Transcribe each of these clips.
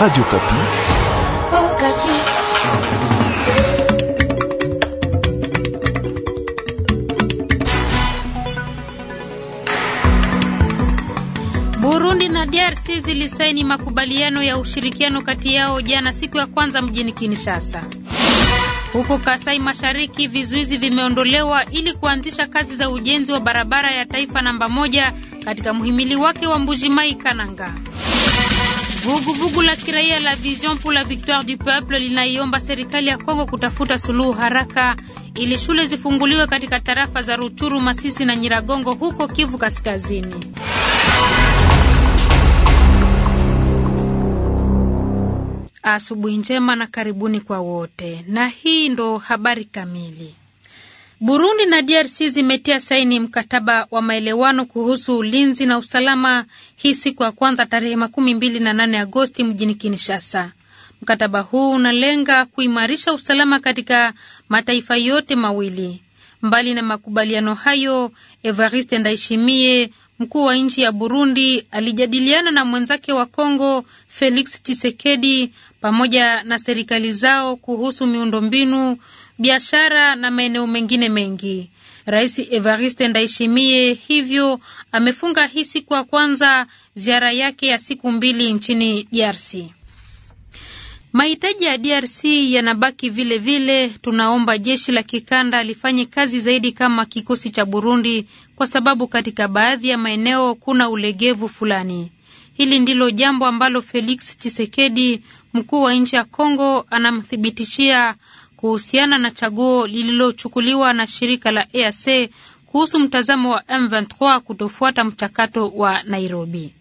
Radio Okapi. Oh, Burundi na DRC zilisaini makubaliano ya ushirikiano kati yao jana siku ya kwanza mjini Kinshasa. Huko Kasai Mashariki vizuizi vimeondolewa ili kuanzisha kazi za ujenzi wa barabara ya taifa namba moja katika mhimili wake wa Mbujimai Kananga. Vuguvugu la kiraia la Vision pour la Victoire du Peuple linaiomba serikali ya Kongo kutafuta suluhu haraka ili shule zifunguliwe katika tarafa za Ruchuru, Masisi na Nyiragongo huko Kivu Kaskazini. Asubuhi njema na karibuni kwa wote. Na hii ndo habari kamili. Burundi na DRC zimetia saini mkataba wa maelewano kuhusu ulinzi na usalama hii siku ya kwanza tarehe makumi mbili na nane Agosti mjini Kinshasa. Mkataba huu unalenga kuimarisha usalama katika mataifa yote mawili. Mbali na makubaliano hayo, Evariste Ndaishimie, mkuu wa nchi ya Burundi, alijadiliana na mwenzake wa Kongo Felix Tshisekedi pamoja na serikali zao kuhusu miundombinu, biashara na maeneo mengine mengi. Rais Evariste Ndayishimiye hivyo amefunga hii siku ya kwanza ziara yake ya siku mbili nchini DRC. Mahitaji ya DRC yanabaki vile vile. Tunaomba jeshi la kikanda lifanye kazi zaidi kama kikosi cha Burundi, kwa sababu katika baadhi ya maeneo kuna ulegevu fulani. Hili ndilo jambo ambalo Felix Tshisekedi, mkuu wa nchi ya Kongo, anamthibitishia kuhusiana na chaguo lililochukuliwa na shirika la EAC kuhusu mtazamo wa M23 kutofuata mchakato wa Nairobi.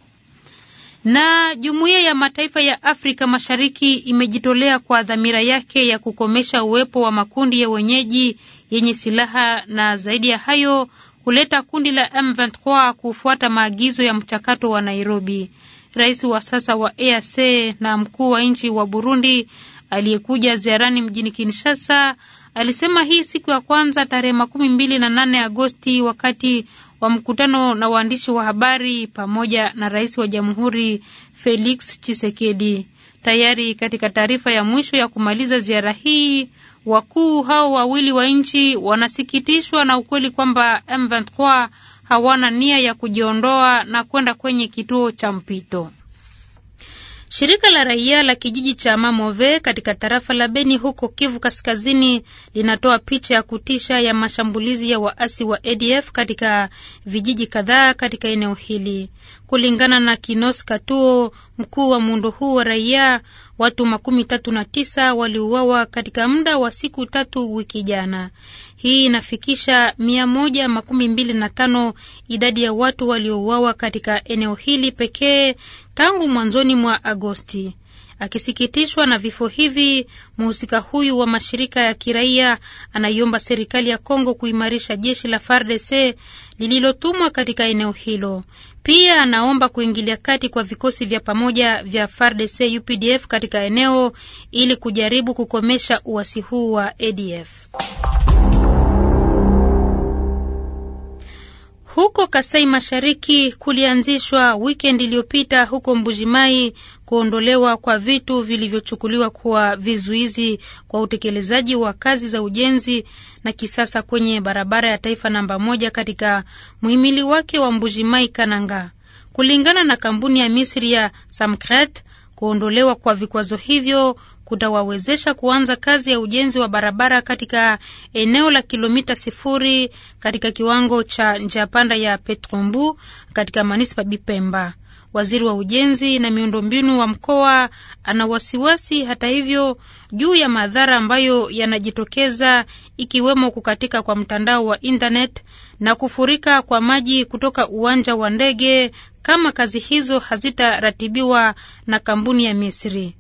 Na Jumuiya ya Mataifa ya Afrika Mashariki imejitolea kwa dhamira yake ya kukomesha uwepo wa makundi ya wenyeji yenye silaha na zaidi ya hayo kuleta kundi la M23 kufuata maagizo ya mchakato wa Nairobi. Rais wa sasa wa EAC na mkuu wa nchi wa Burundi aliyekuja ziarani mjini Kinshasa alisema hii siku ya kwanza tarehe makumi mbili na nane Agosti wakati wa mkutano na waandishi wa habari pamoja na rais wa jamhuri Felix Chisekedi. Tayari katika taarifa ya mwisho ya kumaliza ziara hii, wakuu hao wawili wa nchi wanasikitishwa na ukweli kwamba M23 hawana nia ya kujiondoa na kwenda kwenye kituo cha mpito. Shirika la raia la kijiji cha Mamove katika tarafa la Beni huko Kivu Kaskazini linatoa picha ya kutisha ya mashambulizi ya waasi wa ADF katika vijiji kadhaa katika eneo hili. Kulingana na Kinos Katuo, mkuu wa muundo huu wa raia, Watu makumi tatu na tisa waliuawa katika muda wa siku tatu wiki jana. Hii inafikisha mia moja makumi mbili na tano idadi ya watu waliouawa katika eneo hili pekee tangu mwanzoni mwa Agosti. Akisikitishwa na vifo hivi, mhusika huyu wa mashirika ya kiraia anaiomba serikali ya Kongo kuimarisha jeshi la FARDC lililotumwa katika eneo hilo. Pia anaomba kuingilia kati kwa vikosi vya pamoja vya FARDC UPDF katika eneo ili kujaribu kukomesha uasi huu wa ADF. Huko Kasai Mashariki kulianzishwa wikendi iliyopita huko Mbujimai kuondolewa kwa vitu vilivyochukuliwa kuwa vizuizi kwa utekelezaji wa kazi za ujenzi na kisasa kwenye barabara ya taifa namba moja katika muhimili wake wa Mbujimai Kananga. Kulingana na kampuni ya Misri ya Samkret, Kuondolewa kwa vikwazo hivyo kutawawezesha kuanza kazi ya ujenzi wa barabara katika eneo la kilomita sifuri katika kiwango cha njia panda ya Petrombu katika manispa Bipemba. Waziri wa ujenzi na miundombinu wa mkoa ana wasiwasi hata hivyo juu ya madhara ambayo yanajitokeza ikiwemo kukatika kwa mtandao wa intanet na kufurika kwa maji kutoka uwanja wa ndege kama kazi hizo hazitaratibiwa na kampuni ya Misri.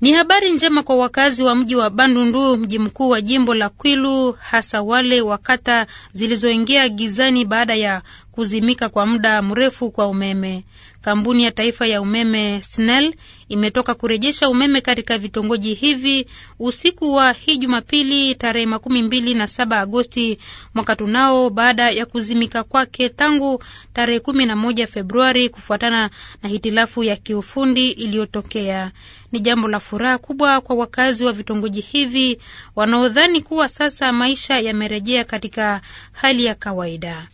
Ni habari njema kwa wakazi wa mji wa Bandundu, mji mkuu wa jimbo la Kwilu, hasa wale wa kata zilizoingia gizani baada ya kuzimika kwa muda mrefu kwa umeme. Kampuni ya taifa ya umeme SNEL imetoka kurejesha umeme katika vitongoji hivi usiku wa hii Jumapili tarehe makumi mbili na saba Agosti mwaka tunao, baada ya kuzimika kwake tangu tarehe kumi na moja Februari kufuatana na hitilafu ya kiufundi iliyotokea. Ni jambo la furaha kubwa kwa wakazi wa vitongoji hivi wanaodhani kuwa sasa maisha yamerejea katika hali ya kawaida.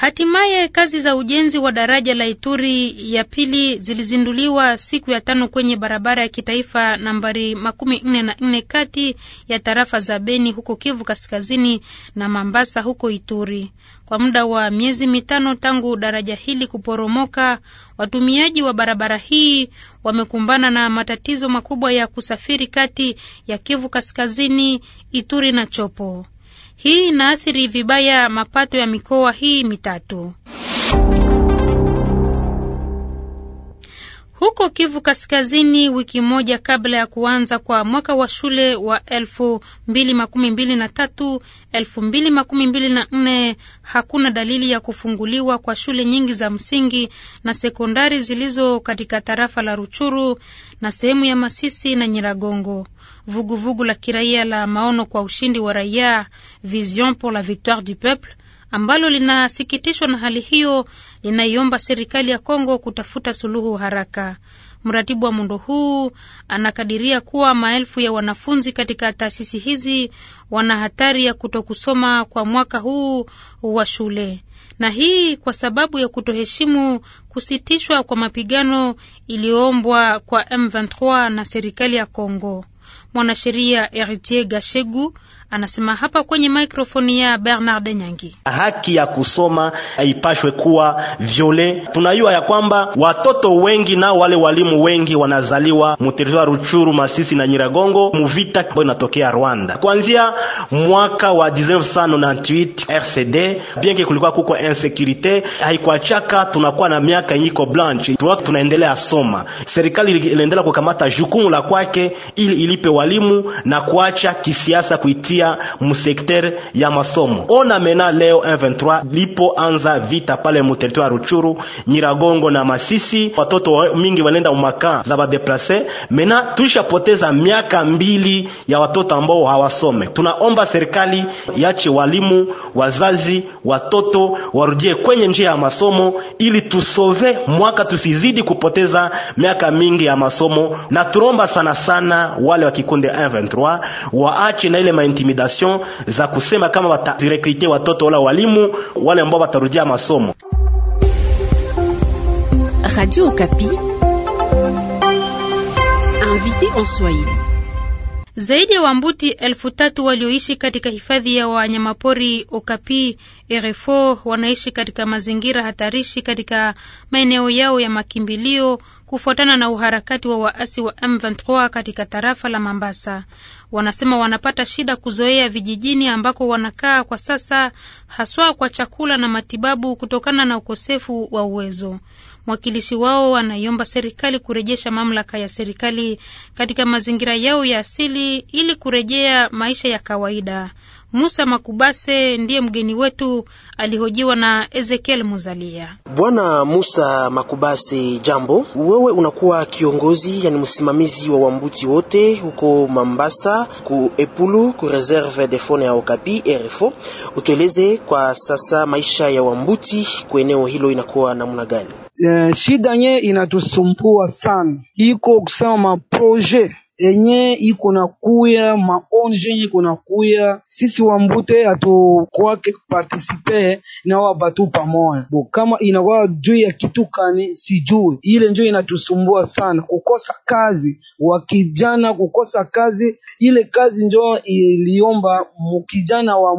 Hatimaye kazi za ujenzi wa daraja la Ituri ya pili zilizinduliwa siku ya tano kwenye barabara ya kitaifa nambari makumi nne na nne kati ya tarafa za Beni huko Kivu Kaskazini na Mambasa huko Ituri. Kwa muda wa miezi mitano tangu daraja hili kuporomoka, watumiaji wa barabara hii wamekumbana na matatizo makubwa ya kusafiri kati ya Kivu Kaskazini, Ituri na Chopo. Hii inaathiri vibaya mapato ya mikoa hii mitatu. Huko Kivu Kaskazini, wiki moja kabla ya kuanza kwa mwaka wa shule wa elfu mbili makumi mbili na tatu elfu mbili makumi mbili na nne hakuna dalili ya kufunguliwa kwa shule nyingi za msingi na sekondari zilizo katika tarafa la Ruchuru na sehemu ya Masisi na Nyiragongo. Vuguvugu la kiraia la maono kwa ushindi wa raia, Vision pour la Victoire du Peuple ambalo linasikitishwa na hali hiyo linaiomba serikali ya Kongo kutafuta suluhu haraka. Mratibu wa muundo huu anakadiria kuwa maelfu ya wanafunzi katika taasisi hizi wana hatari ya kutokusoma kwa mwaka huu wa shule, na hii kwa sababu ya kutoheshimu kusitishwa kwa mapigano iliyoombwa kwa M23 na serikali ya Kongo. Mwanasheria eritier Gashegu Anasema hapa kwenye mikrofoni ya Bernard Nyangi, haki ya kusoma haipashwe kuwa viole. Tunajua ya kwamba watoto wengi na wale walimu wengi wanazaliwa muteritori Ruchuru, Masisi na Nyiragongo, muvita ambayo inatokea Rwanda kuanzia mwaka wa 1998 RCD bienge kulikuwa kuko insecurite haikuachaka, tunakuwa na miaka nyiko blanche, tunaendelea soma. Serikali iliendelea kukamata jukumu la kwake ili ilipe walimu na kuacha kisiasa kuitia kupitia msekter ya masomo. Ona mena leo M23 anza vita pale muteritwari ya Ruchuru, Nyiragongo na Masisi, watoto mingi wanenda umaka za badeplase. Mena tushapoteza miaka mbili ya watoto ambao hawasome. Tunaomba serikali yache walimu, wazazi, watoto warudie kwenye njia ya masomo ili tusove mwaka, tusizidi kupoteza miaka mingi ya masomo, na tunaomba sana sana wale wa kikundi M23 waache na ile maintimi intimidation za kusema kama watazirekrite watoto wala walimu wale ambao watarudia masomo. Radio Okapi invité en Swahili zaidi ya Wambuti elfu tatu walioishi katika hifadhi ya wanyamapori Okapi Erefo wanaishi katika mazingira hatarishi katika maeneo yao ya makimbilio kufuatana na uharakati wa waasi wa M23 katika tarafa la Mambasa. Wanasema wanapata shida kuzoea vijijini ambako wanakaa kwa sasa, haswa kwa chakula na matibabu kutokana na ukosefu wa uwezo. Mwakilishi wao anaiomba serikali kurejesha mamlaka ya serikali katika mazingira yao ya asili ili kurejea maisha ya kawaida. Musa Makubase ndiye mgeni wetu, alihojiwa na Ezekiel Muzalia. Bwana Musa Makubase, jambo. Wewe unakuwa kiongozi, yani msimamizi wa wambuti wote huko Mambasa, ku Epulu, ku Reserve de Fone ya Okapi RFO. Utueleze kwa sasa maisha ya wambuti ku eneo hilo inakuwa namna gani? Uh, shida nye inatusumbua sana iko kusema maproje enye iko na kuya maonje iko na kuya, sisi wambute hatukwake partisipe na wa batu pamoja bo. Kama inakuwa juu ya kitu kani sijui, ile njo inatusumbua sana, kukosa kazi wa kijana, kukosa kazi. Ile kazi njo iliomba mkijana wa,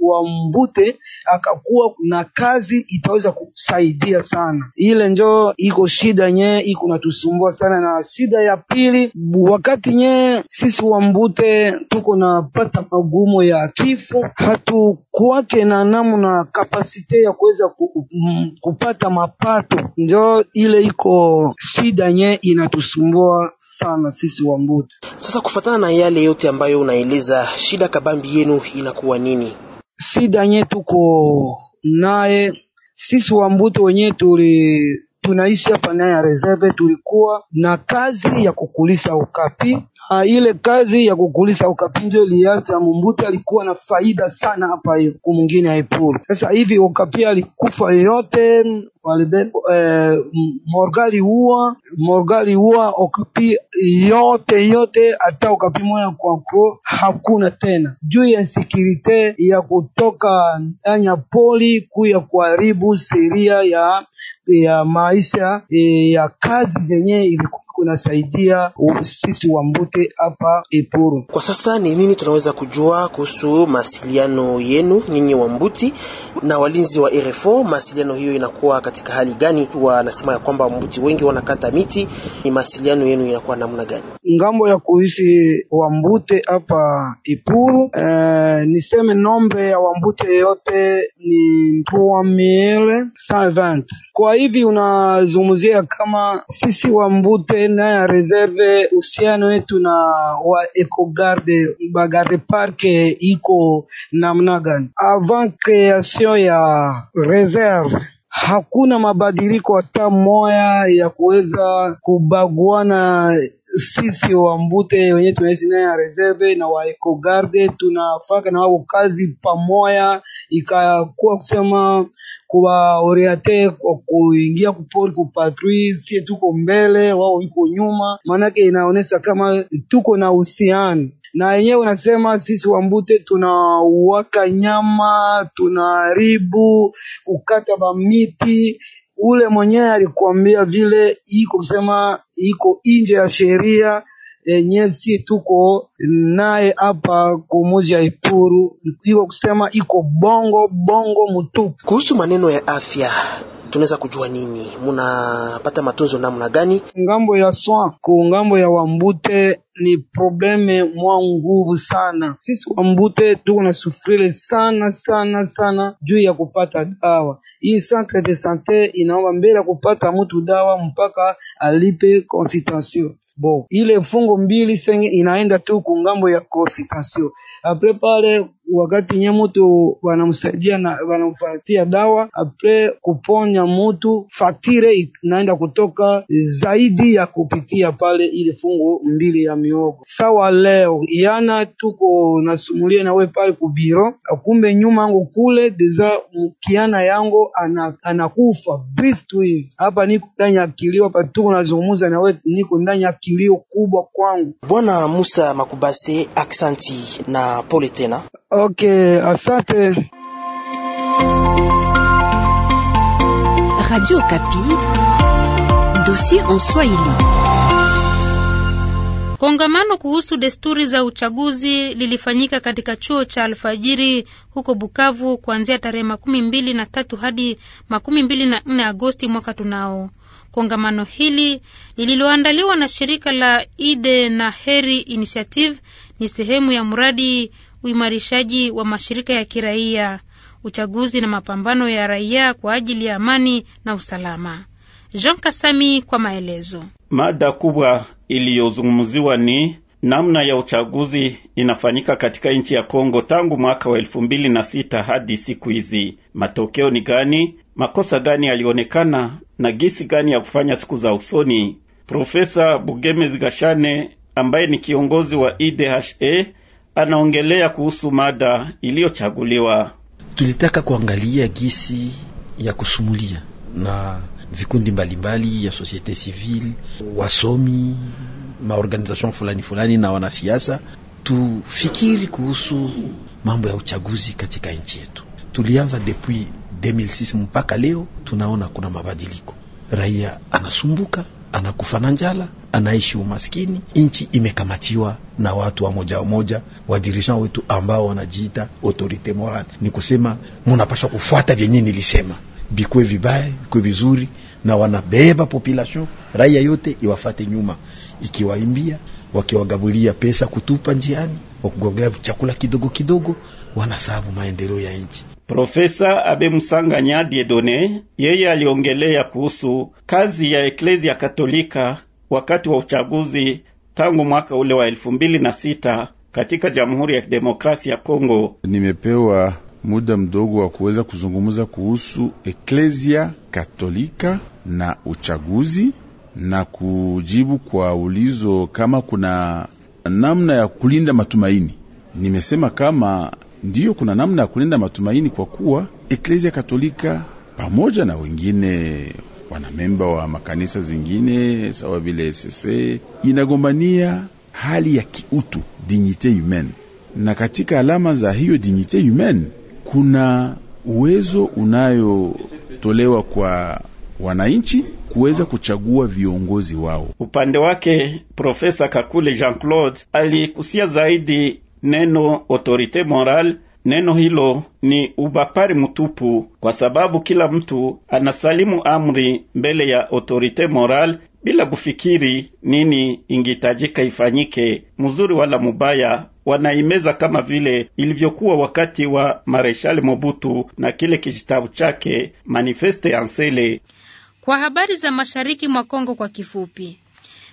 wa mbute akakuwa na kazi, itaweza kusaidia sana. Ile njo iko shida nye iko natusumbua sana, na shida ya pili wakati tinye sisi wambute tuko napata magumo ya kifo, hatukuwake na namna kapasite ya kuweza ku, mm, kupata mapato, ndio ile iko shida nye inatusumbua sana sisi wambute. Sasa kufatana na yale yote ambayo unaeleza, shida kabambi yenu inakuwa nini? Shida nye tuko naye sisi wambute wenyewe tuli tunaishi hapa naye ya reserve, tulikuwa na kazi ya kukulisa ukapi. Ha, ile kazi ya kukulisa ukapi ndio ilianza. Mumbuti alikuwa na faida sana hapa kumwingine aipuru. Sasa hivi ukapi alikufa yote Walibe, eh, morgali huwa morgali huwa okapi yote yote, hata ukapi moya kwako hakuna tena, juu ya sekirite ya kutoka nyanya poli kuya kuharibu seria ya ya maisha eh, ya kazi zenye ilikuwa unasaidia sisi wa Mbute hapa Epuru. Kwa sasa ni nini tunaweza kujua kuhusu masiliano yenu nyinyi wa Mbuti na walinzi wa RFO? masiliano hiyo inakuwa katika hali gani? Wanasema ya kwamba Mbuti wengi wanakata miti, ni masiliano yenu inakuwa namna gani? Ngambo ya kuishi mbute hapa Ipuru, eh, niseme nombre ya Wambute yote ni trois mille cent vingt. Kwa hivi unazungumzia kama sisi Wambute na ya reserve uhusiano wetu na wa ecogarde bagarde park iko namna gani avant creation ya reserve hakuna mabadiliko hata moya ya kuweza kubaguana. Sisi wa mbute wenyewe tunaishi naye ya reserve na wa Ecogarde tunafaka na wao kazi pamoya, ikakuwa kusema kuwa oriate kwa kuingia kupori kupatrui, sie tuko mbele, wao iko nyuma. Maanake inaonyesha kama tuko na uhusiano na yenyewe unasema sisi Wambute tunawaka nyama, tunaharibu kukata bamiti. Ule mwenyewe alikuambia vile iko kusema iko nje ya sheria yenye si tuko naye hapa kumuji ya Ituru, iko kusema iko bongo bongo mtupu kuhusu maneno ya afya tunaweza kujua nini, munapata matunzo namna gani ngambo ya swa ku ngambo ya Wambute? Ni probleme mwa nguvu sana. Sisi Wambute tuko na sufrire sana sana sana juu ya kupata dawa. Hii centre de sante inaomba mbele ya kupata mtu dawa mpaka alipe consultation bo, ile fungo mbili senge inaenda tu ku ngambo ya consultation apre pale wakati nye mutu wanamsaidia na wanamfatia dawa apre kuponya mutu, fatire inaenda kutoka zaidi ya kupitia pale ile fungu mbili ya miogo. Sawa, leo yana tuko nasumulia nawe pale kubiro, kumbe nyuma yangu kule deza mkiana yango anakufa vitu hivi. Hapa niko ndani ya kilio, hapa tuko nazungumuza nawe, niko ndani ya kilio kubwa kwangu. Bwana Musa Makubase, aksanti na pole tena. Okay, asante. Radio Kapi, dossier en Swahili. Kongamano kuhusu desturi za uchaguzi lilifanyika katika chuo cha Alfajiri huko Bukavu kuanzia tarehe makumi mbili na tatu hadi makumi mbili na nne Agosti mwaka tunao. Kongamano hili lililoandaliwa na shirika la Ide na Heri Initiative ni sehemu ya mradi uimarishaji wa mashirika ya kiraia, uchaguzi na mapambano ya raia kwa ajili ya amani na usalama. Jean Kasami kwa maelezo. Mada kubwa iliyozungumziwa ni namna ya uchaguzi inafanyika katika nchi ya Kongo tangu mwaka wa elfu mbili na sita hadi siku hizi. Matokeo ni gani? Makosa gani yalionekana na gisi gani ya kufanya siku za usoni? Profesa Bugemezi Gashane ambaye ni kiongozi wa IDHA e, anaongelea kuhusu mada iliyochaguliwa. Tulitaka kuangalia gisi ya kusumulia na vikundi mbalimbali mbali ya societe civile, wasomi, maorganization fulani fulani na wanasiasa, tufikiri kuhusu mambo ya uchaguzi katika nchi yetu. Tulianza depuis 2006 mpaka leo, tunaona kuna mabadiliko, raia anasumbuka anakufa na njala, anaishi umaskini. Nchi imekamatiwa na watu wa moja moja, wadirisha wetu ambao wanajiita autorite moral. Ni kusema munapasha kufuata vyenye nilisema, bikwe vibaya, bikwe vizuri, na wanabeba population raia yote iwafate nyuma, ikiwaimbia wakiwagabulia pesa kutupa njiani, wakugabulia chakula kidogo kidogo, wanasabu maendeleo ya nchi. Profesa Abe Musanganya Diedone yeye aliongelea kuhusu kazi ya Eklezia Katolika wakati wa uchaguzi tangu mwaka ule wa elfu mbili na sita katika Jamhuri ya Kidemokrasia ya Kongo. Nimepewa muda mdogo wa kuweza kuzungumza kuhusu Eklezia Katolika na uchaguzi na kujibu kwa ulizo kama kuna namna ya kulinda matumaini. Nimesema kama Ndiyo, kuna namna ya kulinda matumaini kwa kuwa Eklezia Katolika pamoja na wengine wanamemba wa makanisa zingine sawa vile sese inagombania hali ya kiutu dignite humaine, na katika alama za hiyo dignite humaine kuna uwezo unayotolewa kwa wananchi kuweza kuchagua viongozi wao. Upande wake Profesa Kakule Jean Claude alikusia zaidi neno autorite moral neno hilo ni ubapari mutupu kwa sababu kila mtu anasalimu amri mbele ya autorite moral bila kufikiri nini ingitajika ifanyike, mzuri wala mubaya. Wanaimeza kama vile ilivyokuwa wakati wa Mareshali Mobutu na kile kijitabu chake Manifeste ansele Kwa habari za mashariki mwa Kongo kwa kifupi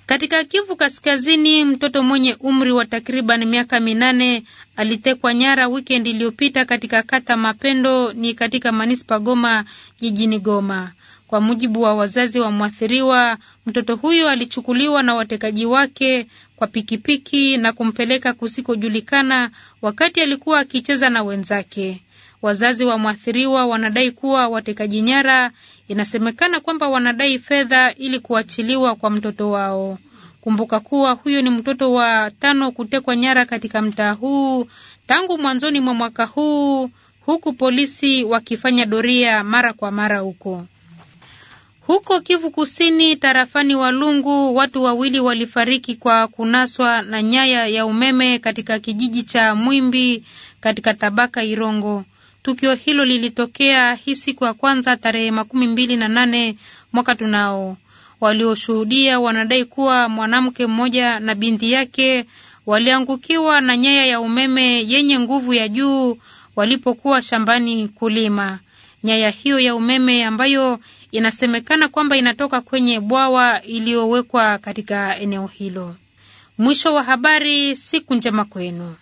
katika Kivu Kaskazini, mtoto mwenye umri wa takriban miaka minane alitekwa nyara wikendi iliyopita katika kata Mapendo ni katika manispa Goma jijini Goma. Kwa mujibu wa wazazi wa mwathiriwa, mtoto huyo alichukuliwa na watekaji wake kwa pikipiki na kumpeleka kusikojulikana wakati alikuwa akicheza na wenzake. Wazazi wa mwathiriwa wanadai kuwa watekaji nyara, inasemekana kwamba wanadai fedha ili kuachiliwa kwa mtoto wao. Kumbuka kuwa huyo ni mtoto wa tano kutekwa nyara katika mtaa huu tangu mwanzoni mwa mwaka huu, huku polisi wakifanya doria mara kwa mara huko. Huko Kivu Kusini, tarafani Walungu, watu wawili walifariki kwa kunaswa na nyaya ya umeme katika kijiji cha Mwimbi katika tabaka Irongo. Tukio hilo lilitokea hii siku ya kwanza tarehe makumi mbili na nane mwaka tunao. Walioshuhudia wanadai kuwa mwanamke mmoja na binti yake waliangukiwa na nyaya ya umeme yenye nguvu ya juu walipokuwa shambani kulima nyaya hiyo ya umeme ambayo inasemekana kwamba inatoka kwenye bwawa iliyowekwa katika eneo hilo. Mwisho wa habari. Siku njema kwenu.